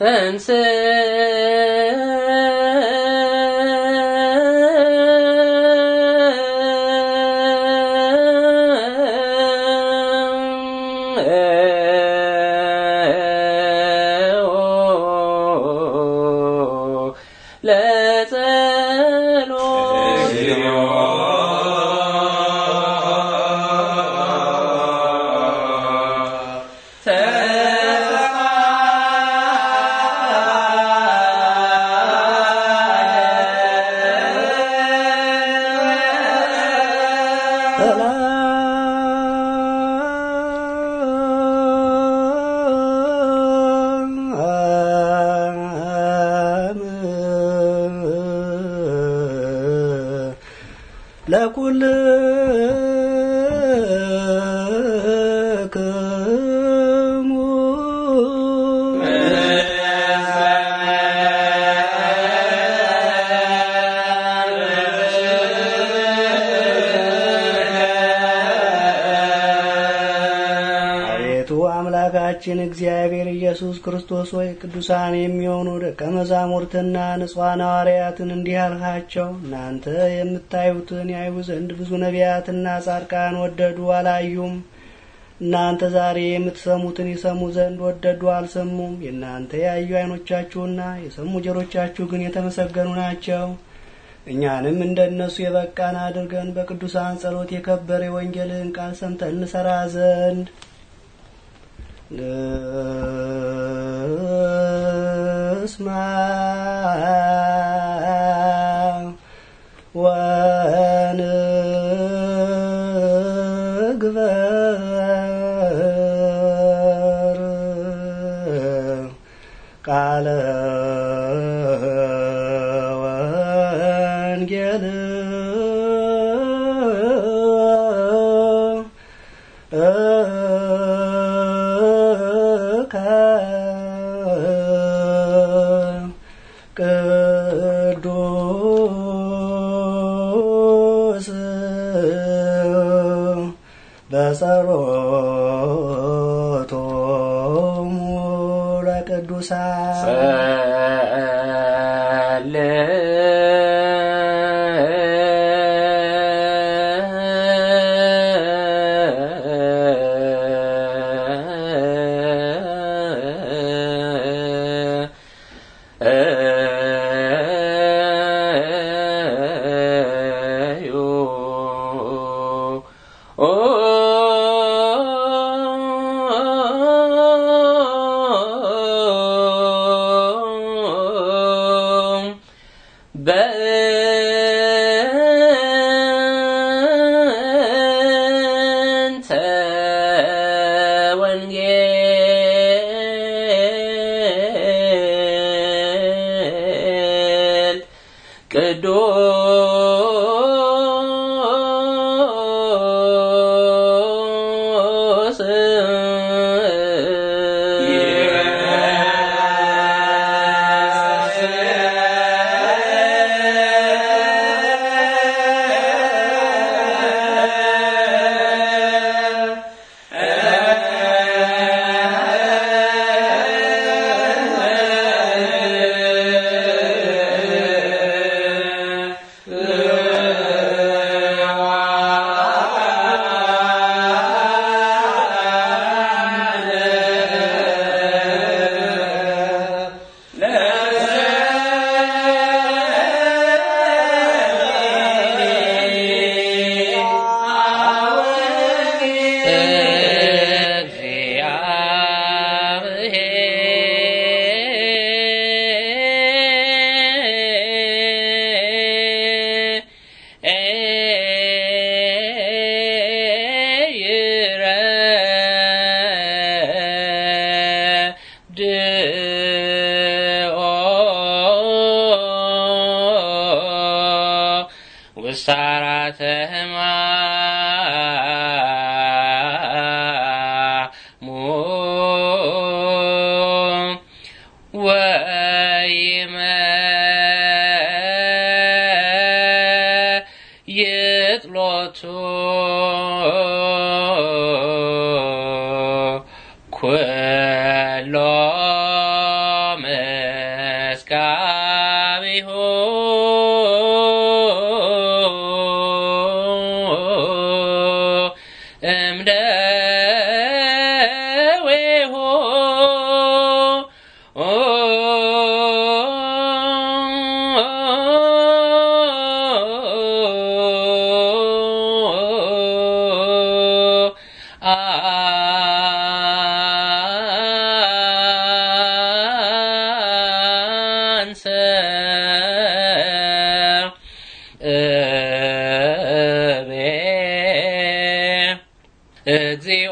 Then ጌታችን እግዚአብሔር ኢየሱስ ክርስቶስ ወይ ቅዱሳን የሚሆኑ ደቀ መዛሙርትና ንጹሐን ሐዋርያትን እንዲህ አልሃቸው፣ እናንተ የምታዩትን ያዩ ዘንድ ብዙ ነቢያትና ጻድቃን ወደዱ፣ አላዩም። እናንተ ዛሬ የምትሰሙትን ይሰሙ ዘንድ ወደዱ፣ አልሰሙም። የእናንተ ያዩ ዓይኖቻችሁና የሰሙ ጆሮቻችሁ ግን የተመሰገኑ ናቸው። እኛንም እንደ እነሱ የበቃን አድርገን በቅዱሳን ጸሎት የከበረ ወንጌልን ቃል ሰምተን እንሰራ ዘንድ لاسمع ወጸሎቶሙ ለቅዱሳን ውሳራተህማ हो the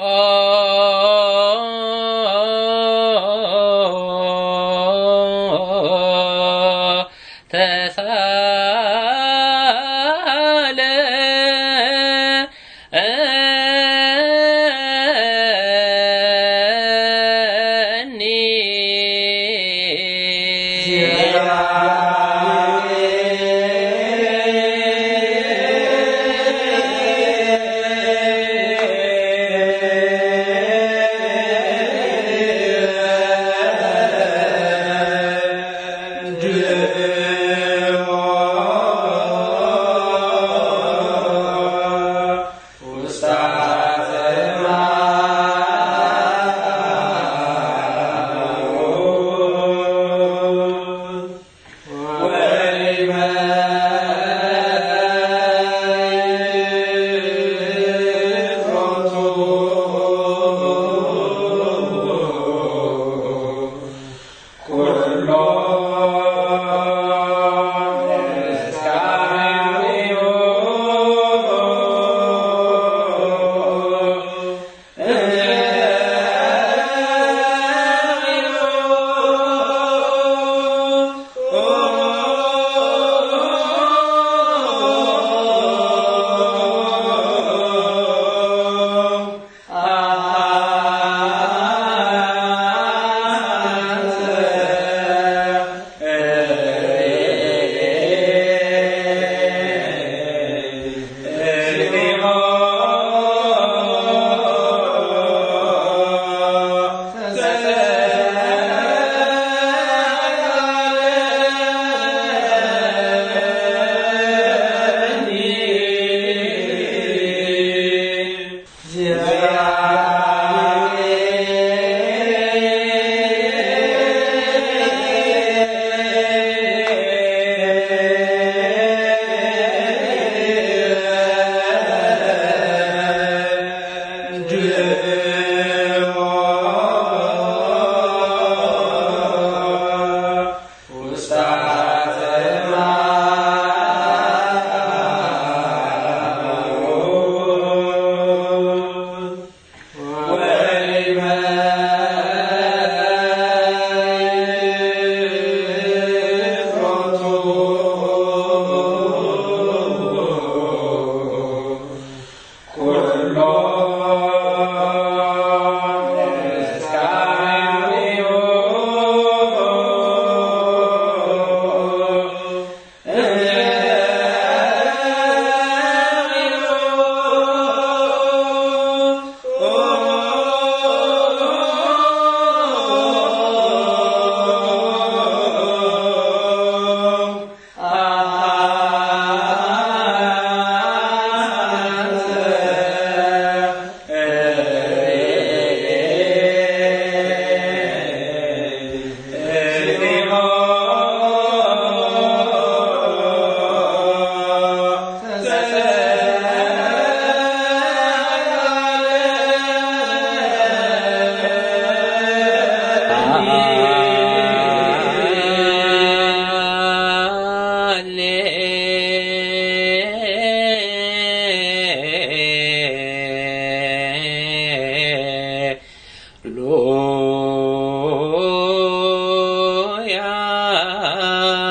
uh,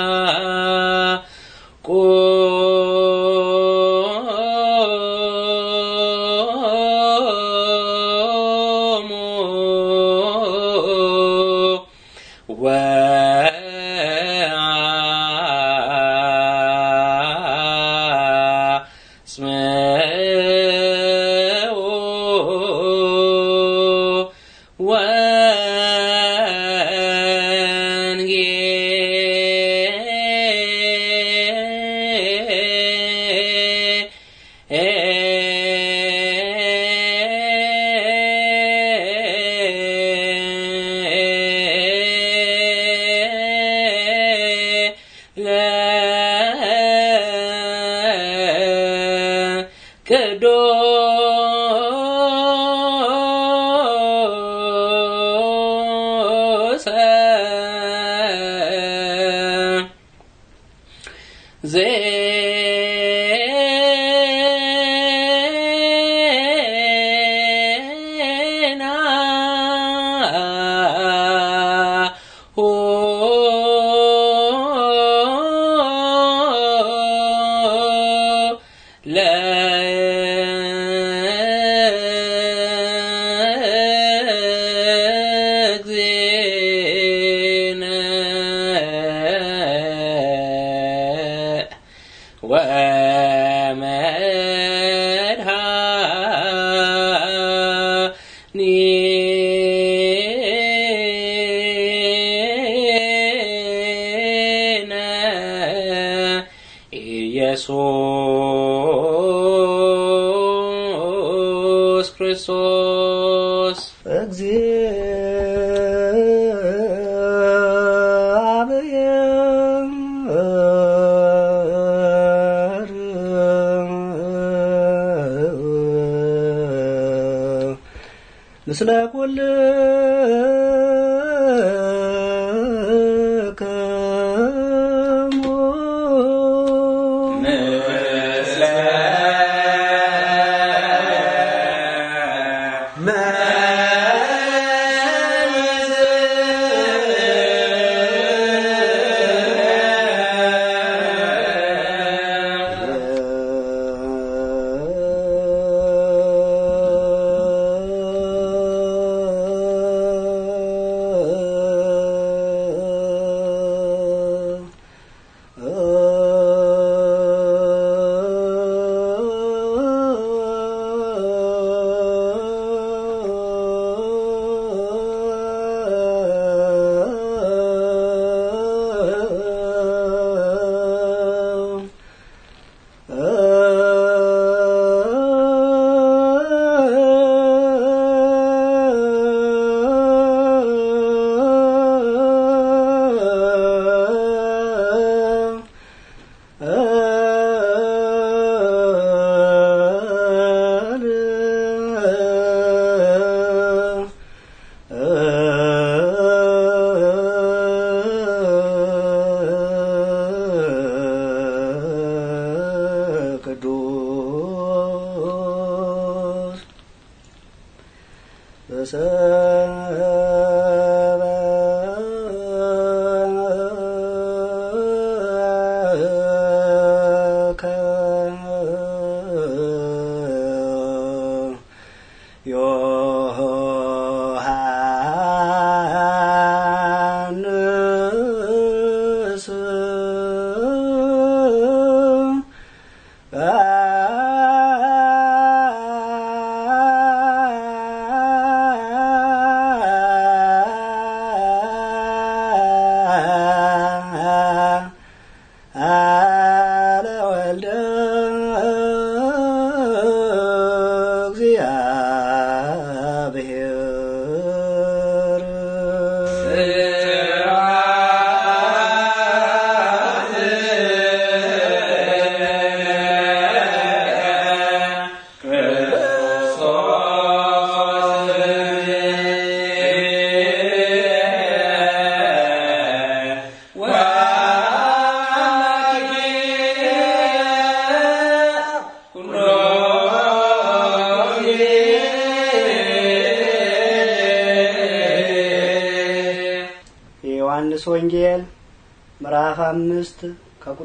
ምስለ ኩልህ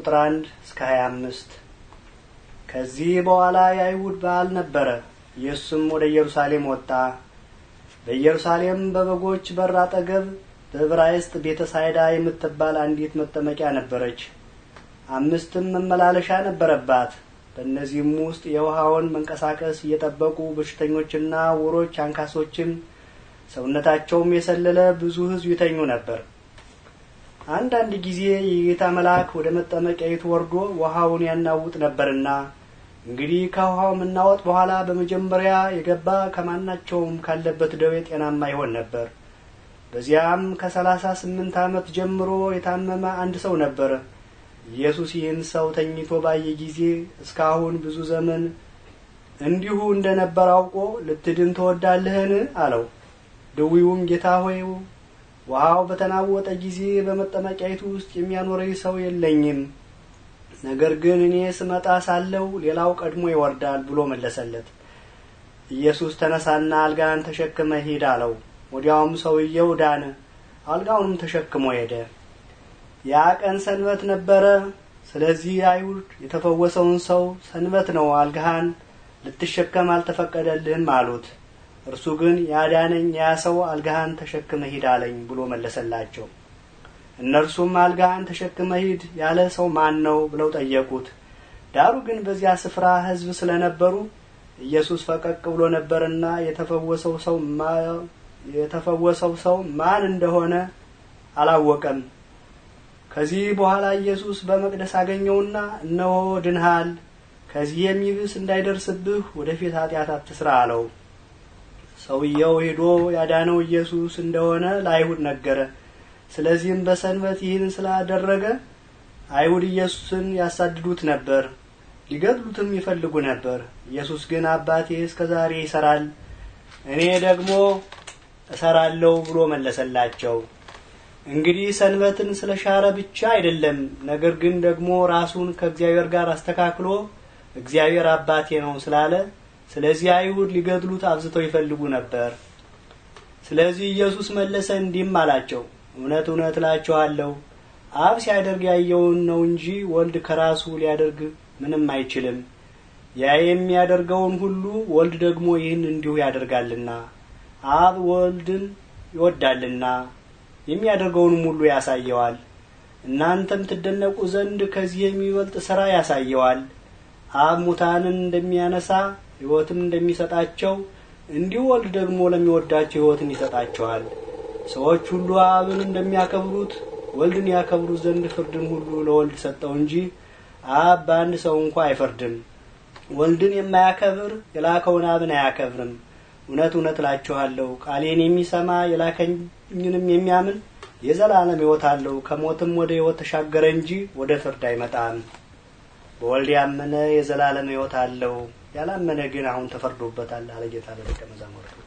ቁጥር 1 እስከ 25 ከዚህ በኋላ የአይሁድ በዓል ነበረ። ኢየሱስም ወደ ኢየሩሳሌም ወጣ። በኢየሩሳሌም በበጎች በር አጠገብ በዕብራይስጥ ቤተ ሳይዳ የምትባል አንዲት መጠመቂያ ነበረች። አምስትም መመላለሻ ነበረባት። በእነዚህም ውስጥ የውሃውን መንቀሳቀስ እየጠበቁ በሽተኞችና ውሮች አንካሶችም ሰውነታቸውም የሰለለ ብዙ ሕዝብ ይተኙ ነበር። አንዳንድ ጊዜ የጌታ መልአክ ወደ መጠመቂያይቱ ወርዶ ውሃውን ያናውጥ ነበርና እንግዲህ ከውሃው መናወጥ በኋላ በመጀመሪያ የገባ ከማናቸውም ካለበት ደዌ ጤናማ ይሆን ነበር። በዚያም ከሰላሳ ስምንት ዓመት ጀምሮ የታመመ አንድ ሰው ነበር። ኢየሱስ ይህን ሰው ተኝቶ ባየ ጊዜ እስካሁን ብዙ ዘመን እንዲሁ እንደነበር አውቆ ልትድን ትወዳለህን? አለው። ድዊውም ጌታ ሆይ ውሃው በተናወጠ ጊዜ በመጠመቂያይቱ ውስጥ የሚያኖረኝ ሰው የለኝም፣ ነገር ግን እኔ ስመጣ ሳለው ሌላው ቀድሞ ይወርዳል ብሎ መለሰለት። ኢየሱስ ተነሳና አልጋን ተሸክመ ሂድ አለው። ወዲያውም ሰውየው ዳነ፣ አልጋውንም ተሸክሞ ሄደ። ያ ቀን ሰንበት ነበረ። ስለዚህ አይሁድ የተፈወሰውን ሰው ሰንበት ነው፣ አልጋህን ልትሸከም አልተፈቀደልህም አሉት። እርሱ ግን ያዳነኝ ያ ሰው አልጋህን ተሸክመ ሂድ አለኝ ብሎ መለሰላቸው። እነርሱም አልጋህን ተሸክመ ሂድ ያለ ሰው ማን ነው ብለው ጠየቁት። ዳሩ ግን በዚያ ስፍራ ሕዝብ ስለነበሩ ኢየሱስ ፈቀቅ ብሎ ነበርና የተፈወሰው ሰው የተፈወሰው ሰው ማን እንደሆነ አላወቀም። ከዚህ በኋላ ኢየሱስ በመቅደስ አገኘውና እነሆ ድንሃል፣ ከዚህ የሚብስ እንዳይደርስብህ ወደፊት ኃጢአት አትስራ አለው። ሰውየው ሄዶ ያዳነው ኢየሱስ እንደሆነ ለአይሁድ ነገረ። ስለዚህም በሰንበት ይህን ስላደረገ አይሁድ ኢየሱስን ያሳድዱት ነበር፣ ሊገድሉትም ይፈልጉ ነበር። ኢየሱስ ግን አባቴ እስከ ዛሬ ይሰራል፣ እኔ ደግሞ እሰራለሁ ብሎ መለሰላቸው። እንግዲህ ሰንበትን ስለሻረ ብቻ አይደለም፣ ነገር ግን ደግሞ ራሱን ከእግዚአብሔር ጋር አስተካክሎ እግዚአብሔር አባቴ ነው ስላለ ስለዚህ አይሁድ ሊገድሉት አብዝተው ይፈልጉ ነበር። ስለዚህ ኢየሱስ መለሰ እንዲህም አላቸው፣ እውነት እውነት እላችኋለሁ አብ ሲያደርግ ያየውን ነው እንጂ ወልድ ከራሱ ሊያደርግ ምንም አይችልም። ያ የሚያደርገውን ሁሉ ወልድ ደግሞ ይህን እንዲሁ ያደርጋልና አብ ወልድን ይወዳልና የሚያደርገውንም ሁሉ ያሳየዋል። እናንተም ትደነቁ ዘንድ ከዚህ የሚበልጥ ስራ ያሳየዋል። አብ ሙታንን እንደሚያነሳ ሕይወትም እንደሚሰጣቸው እንዲሁ ወልድ ደግሞ ለሚወዳቸው ሕይወትን ይሰጣቸዋል። ሰዎች ሁሉ አብን እንደሚያከብሩት ወልድን ያከብሩት ዘንድ ፍርድን ሁሉ ለወልድ ሰጠው እንጂ አብ በአንድ ሰው እንኳ አይፈርድም። ወልድን የማያከብር የላከውን አብን አያከብርም። እውነት እውነት እላችኋለሁ ቃሌን የሚሰማ የላከኝንም የሚያምን የዘላለም ሕይወት አለው፣ ከሞትም ወደ ሕይወት ተሻገረ እንጂ ወደ ፍርድ አይመጣም። በወልድ ያመነ የዘላለም ሕይወት አለው። ያላመነ ግን አሁን ተፈርዶበታል አለ ጌታ ለደቀ መዛሙርቱ